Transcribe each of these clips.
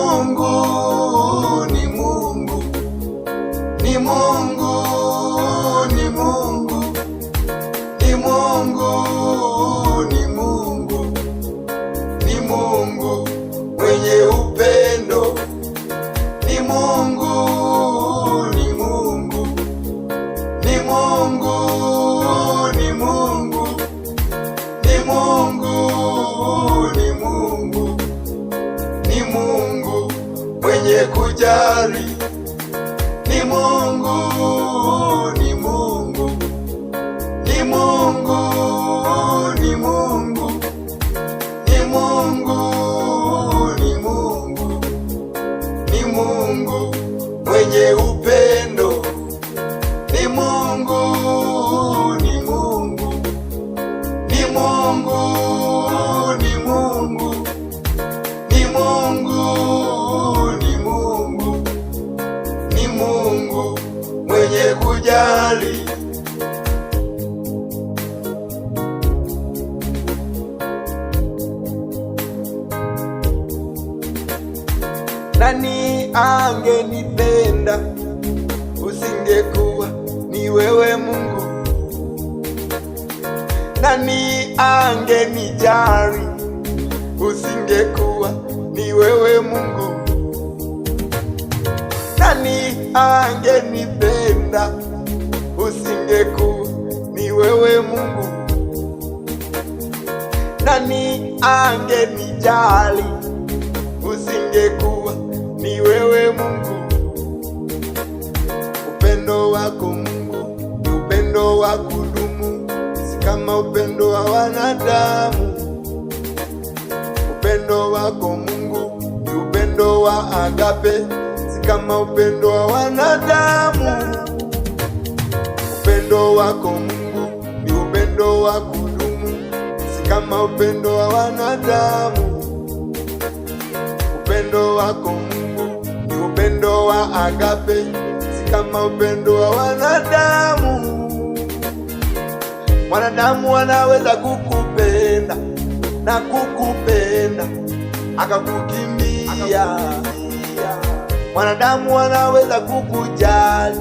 Mungu kujali Ni Mungu, ni Mungu, ni Mungu, ni Mungu, ni Mungu, ni Mungu, ni Mungu mwenye upendo, ni Mungu kujali. Nani angenipenda usingekuwa ni wewe Mungu? Nani angenijali usingekuwa ni wewe Mungu? Nani angenipenda ningependa usingeku, ni wewe Mungu, nani angenijali usingekuwa ni wewe Mungu. Upendo wako Mungu ni upendo wa kudumu, si kama upendo wa wanadamu. Upendo wako Mungu ni upendo wa agape, si kama upendo wa wanadamu upendo wako Mungu ni upendo wa kudumu, si kama upendo wa wanadamu. Upendo wako Mungu ni upendo wa agape, si kama upendo wa wanadamu. Wanadamu wanaweza kukupenda na kukupenda akakukimbia. Mwanadamu anaweza kukujali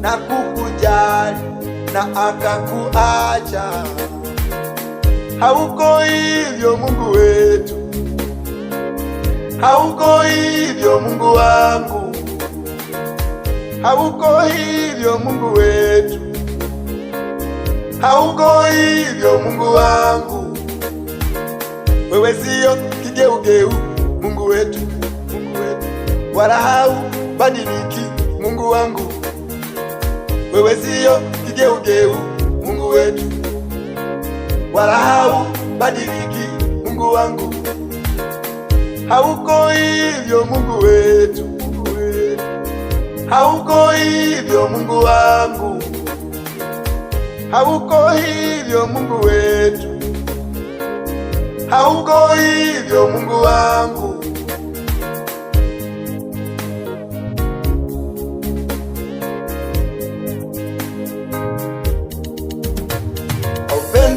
na kukujali na akakuacha. Hauko hivyo Mungu wetu, hauko hivyo Mungu wangu, hauko hivyo Mungu wetu, hauko hivyo Mungu wangu. Wewe siyo kigeugeu Mungu wetu, Mungu wetu, wala hau badiliki Mungu wangu, wewe siyo kigeugeu, Mungu wetu, wala haubadiliki Mungu wangu, hauko hivyo Mungu wetu, Mungu wetu, hauko hivyo Mungu wangu, hauko hivyo Mungu wetu, hauko hivyo Mungu wangu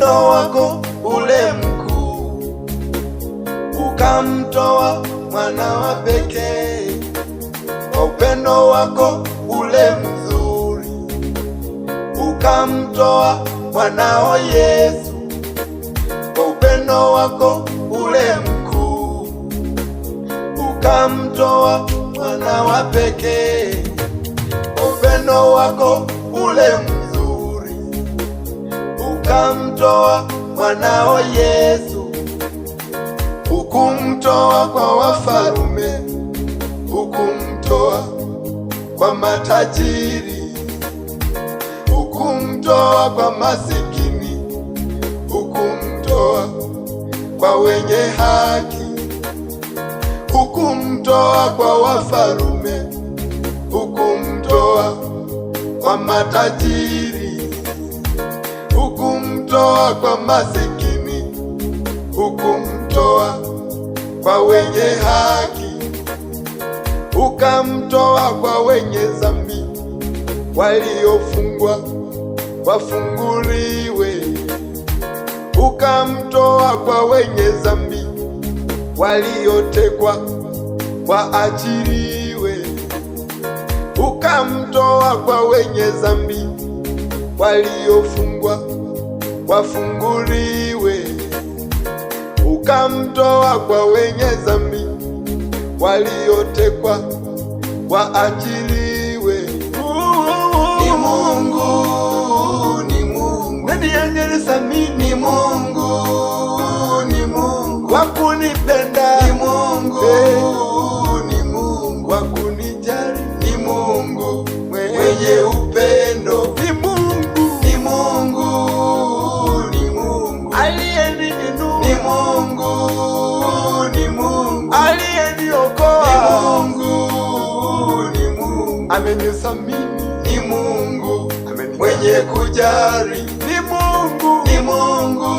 Mola wako ule mkuu, ukamtoa mwana wa pekee kwa upendo wako ule mzuri, ukamtoa mwanao Yesu kwa upendo wako ule mkuu, ukamtoa mwana wa pekee kwa upendo wako ule mkuu akamtoa mwanao Yesu, hukumtoa kwa wafalume, hukumtoa kwa matajiri, hukumtoa kwa masikini, hukumtoa kwa wenye haki, hukumtoa kwa wafalume, hukumtoa kwa matajiri kumtoa kwa masikini, hukumtoa kwa wenye haki, ukamtoa kwa wenye dhambi, waliofungwa wafunguliwe, ukamtoa kwa wenye dhambi, waliotekwa waachiliwe, ukamtoa kwa wenye dhambi, waliofungwa wafunguliwe, ukamtoa kwa wenye dhambi, waliotekwa waachiliwe. Ni Mungu, ni Mungu. mimi ni Mungu mwenye kujari ni Mungu, ni Mungu